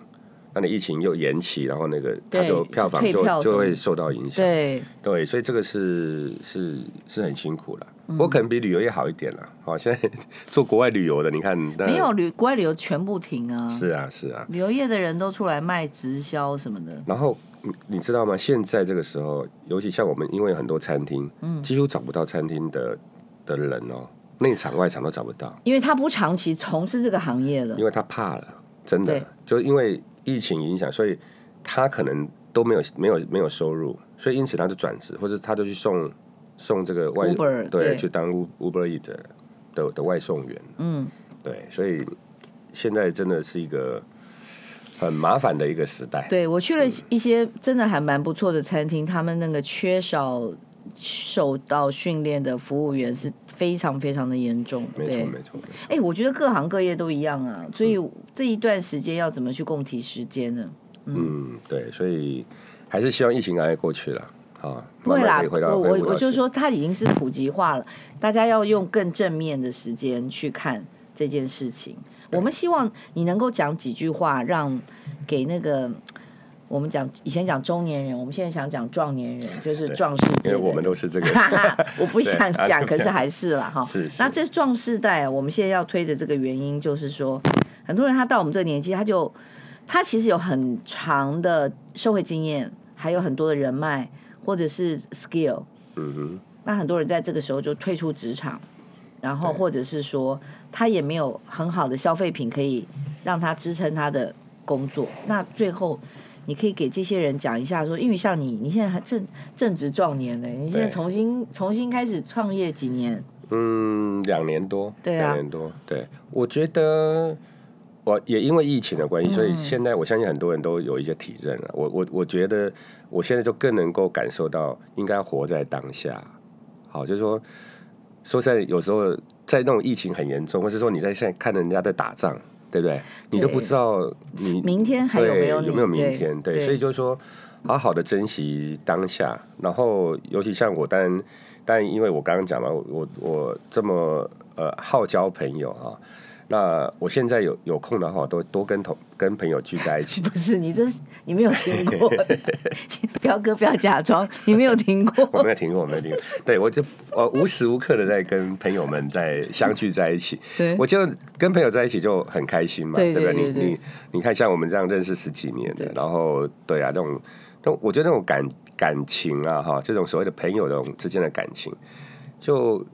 那你疫情又延期，然後那個他就票房就就，票就會受到影響。對對，所以這個是是是很辛苦了。我、嗯、可能比旅遊業好一點了。哦，現在做國外旅遊的，你看沒有旅國外旅遊全部停啊！是啊是啊，旅遊業的人都出來賣直銷什麼的。然後你你知道嗎？現在這個時候，尤其像我們，因為有很多餐廳，嗯，幾乎找不到餐廳的的人哦，內場外場都找不到，因為他不長期從事這個行業了，因為他怕了，真的，就因為。疫情影響，所以他可能都沒有沒有沒有收入，所以因此他就轉職，或者他就去送送這個外 Uber, 對，去當 Uber Eats 的的的外送員。嗯，對，所以現在真的是一個很麻煩的一個時代。對，對我去了一些真的還蠻不錯的餐廳，他們那個缺少。受到訓練的服務員是非常非常的嚴重，沒錯沒錯。哎、欸，我覺得各行各業都一樣啊，所以這一段時間要怎麼去共體時間呢嗯？嗯，對，所以還是希望疫情趕快過去了啊。不會啦，慢慢我我我就說它已經是普及化了，大家要用更正面的時間去看這件事情。我們希望你能夠講幾句話讓，讓給那個。我們講以前講中年人，我們現在想講壯年人，就是壯世代。因為我們都是這個， 我不想講，想可是還是啦哈。那這壯世代，我們現在要推的這個原因就是說，很多人他到我們這個年紀，他就他其實有很長的社會經驗，還有很多的人脈或者是 skill、嗯哼。那很多人在這個時候就退出職場，然後或者是說他也沒有很好的消費品可以讓他支撐他的工作，那最後。你可以給這些人講一下說，說因為像你，你現在還正正值壯年呢，你現在重新重新開始創業幾年？嗯，兩年多，對啊，兩年多。對，我覺得，我也因為疫情的關係，嗯、所以現在我相信很多人都有一些體認了。我我我覺得，我現在就更能夠感受到，應該活在當下。好，就是說，說實在，有時候在那種疫情很嚴重，或是說你在現在看人家在打仗。對不對？你都不知道你明天還有沒有，有沒有明天？對，對對，所以就是說，好好的珍惜當下。然後，尤其像我，但但因為我剛剛講了，我我這麼呃好交朋友啊。那我現在有有空的話，都多，多跟同跟朋友聚在一起。 不是你這是，你沒有聽過， 標哥，不要假裝你沒有聽過。 我沒有聽過，我沒有聽過。對，我就呃無時無刻的在跟朋友們在相聚在一起。 對，我就跟朋友在一起就很開心嘛，對不對？你你你看，像我們這樣認識十幾年的，然後對啊，那種那我覺得那種感感情啊，哈，這種所謂的朋友的之間的感情，就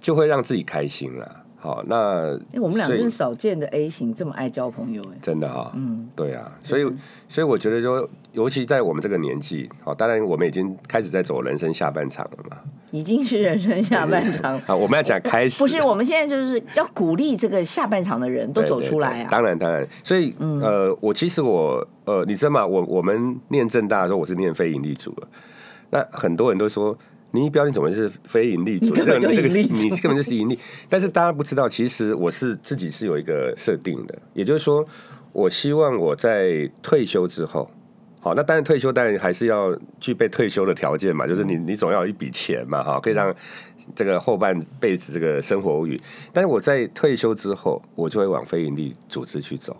就會讓自己開心了，啊。好，那因為、欸，、我們兩個人少見的 A 型這麼愛交朋友，哎，真的哈，嗯，對啊，嗯、所以所以我覺得說，尤其在我們這個年紀，好、哦，當然我們已經開始在走人生下半場了嘛，已經是人生下半場了，啊， 我們要講開始，不是，我們現在就是要鼓勵這個下半場的人都走出來啊，對對對，當然當然，所以呃，我其實我呃，你知道嗎？我我們念政大的時候我是念非營利組的，那很多人都說。你宜標，你怎麼是非營利組織，這個這個？你根本就是營利，但是大家不知道，其實我是自己是有一個設定的，也就是說，我希望我在退休之後，好，那當然退休，當然還是要具備退休的條件嘛，就是你你總要有一筆錢嘛，哈，可以讓這個後半輩子這個生活無憂，但是我在退休之後，我就會往非營利組織去走。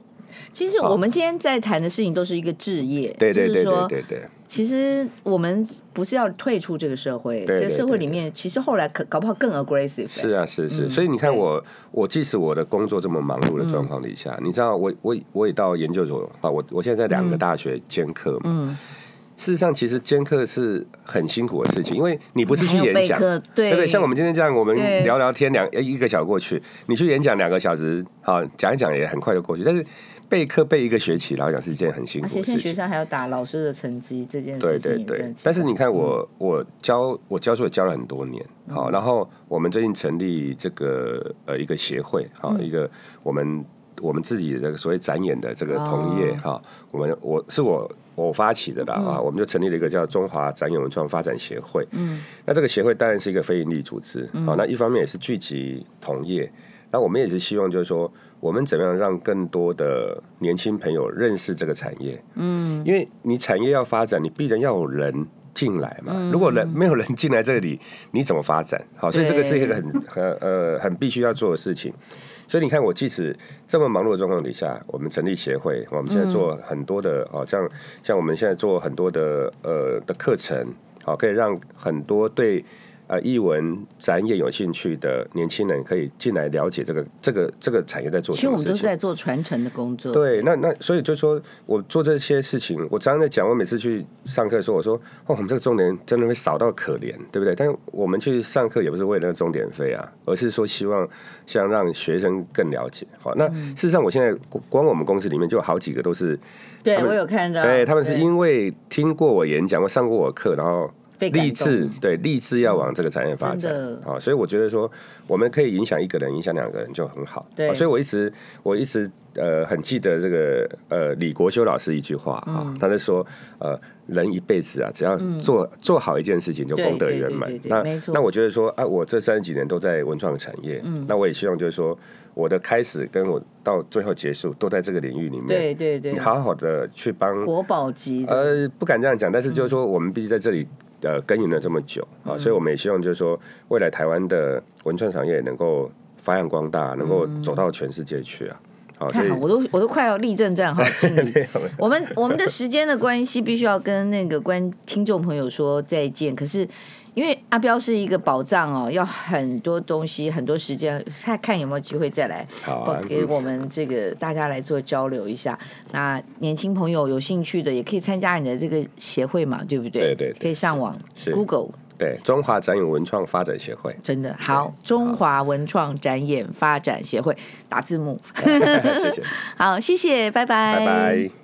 其實我們今天在談的事情都是一個職業，對對對，對對對對對。其實我們不是要退出這個社會，對對對對對，這個社會裡面，其實後來可搞不好更 aggressive、欸。是啊，是是，嗯、所以你看我，我即使我的工作這麼忙碌的狀況底下、嗯，你知道我，我我我也到研究所啊，我我現在在兩個大學兼課嘛嗯。事實上，其實兼課是很辛苦的事情，因為你不是去演講，對對，對不對？像我們今天這樣，我們聊聊天兩一個小時過去，你去演講兩個小時，好，講一講也很快就過去，但是。備課備一個學期，然後講是一件很辛苦的。而且現在學生還要打老師的成績這件事情，對對，對是，但是你看我，嗯、我教我教書也教了很多年，好、嗯，然後我們最近成立這個呃一個協會，好、嗯、一個我們我們自己的這個所謂展演的這個同業，哈、嗯，我們我是我、嗯、我發起的啦啊、嗯，我們就成立了一個叫中華展演文創發展協會，嗯，那這個協會當然是一個非營利組織，好、嗯，那一方面也是聚集同業，那、嗯、我們也是希望就是說。我們怎麼樣讓更多的年輕朋友認識這個產業？嗯，因為你產業要發展，你必然要有人進來嘛。如果人沒有人進來這裡，你怎麼發展？好，所以這個是一個很、很、呃、很必須要做的事情。所以你看，我即使這麼忙碌的狀況底下，我們成立協會，我們現在做很多的哦，像像我們現在做很多的呃的課程，好，可以讓很多對。啊、呃，藝文，展演有興趣的年輕人可以進來了解這個這個這個產業在做什麼。其實我們都是在做傳承的工作。對，那那所以就是說，我做這些事情，我常常在講，我每次去上課的時候，我說，哦，我們這個重點真的會少到可憐，對不對？但是我們去上課也不是為了那個鐘點費啊，而是說希望想讓學生更了解。好，那事實上，我現在光我們公司裡面就有好幾個都是，對，我有看到，對，他們是因為聽過我演講，我上過我的課，然後。立志。對，立志要往這個產業發展，嗯哦，所以我覺得說，我們可以影響一個人，影響兩個人就很好。對、哦，所以我一直，我一直，呃，很記得這個，呃，李國修老師一句話，嗯哦、他是說，呃，人一輩子啊，只要做、嗯、做好一件事情，就功德圓滿。那那我覺得說，啊，我這三十幾年都在文創產業，嗯，那我也希望就是說，我的開始跟我到最後結束都在這個領域裡面，對對對，你好好的去幫國寶級，呃，不敢這樣講，但是就是說，我們必須在這裡。嗯呃，耕耘了這麼久啊、嗯，所以我們也希望，就是說，未來台灣的文創產業能夠發揚光大，嗯、能夠走到全世界去啊！嗯、啊好，我都我都快要立正站 好，敬 我們我們的時間的關係，必須要跟那個觀 聽眾朋友說再見，可是。因為阿標，是一個寶藏哦，要很多東西，很多時間，看看有沒有機會再來，好、啊，給我們這個、嗯、大家來做交流一下。那年輕朋友有興趣的也可以參加你的這個協會嘛，對不對？對、對、對，可以上網是，Google，對，中華展演文創發展協會，真的好，中華文創展演發展協會，打字幕， 謝謝，好，謝謝，拜拜，拜拜。